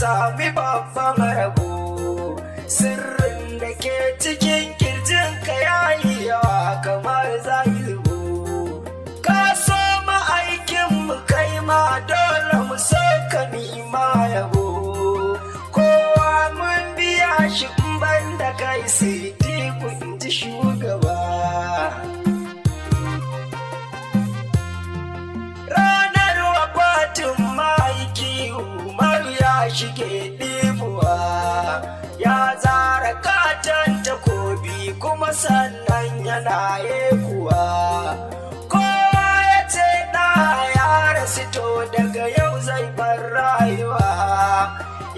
sami babban rabo sirrin da ke cikin kirjin ka yayi yawa kamar zai zubo ka so ma'aikin mu kai ma dole mu so ka nima yabo kowa mun biya shi shige ɗifuwa ya zara katon takobi kuma sannan yana yekuwa kowa ya ce na ya rasu to daga yau zai bar rayuwa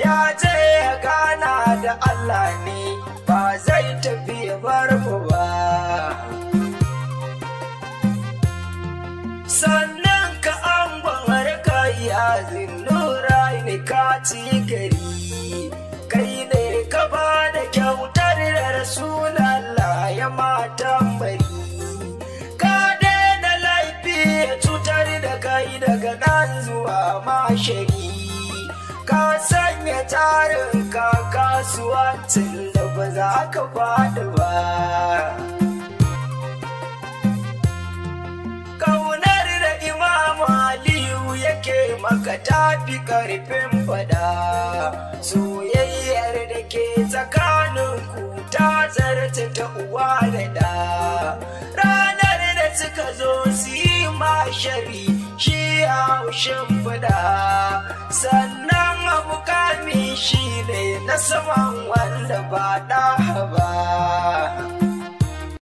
ya je ya gana da Allah ne ba zai tafi ya bar mu ba sannan ka an gwamar ka yi ɓaci gari kai ne ka ba da kyautar da rasulallah ya mata bari ka daina laifi ya cutar da kai daga nan zuwa mashari ka sanya tarin ka kasuwancin da ba za ka faɗi ba ke maka fi karfin fada soyayyar da ke tsakanin ku ta zarta ta uwa da da ranar da suka zo su yi mashari shi ushin fada sannan abu kami shi ne na saman wanda ba da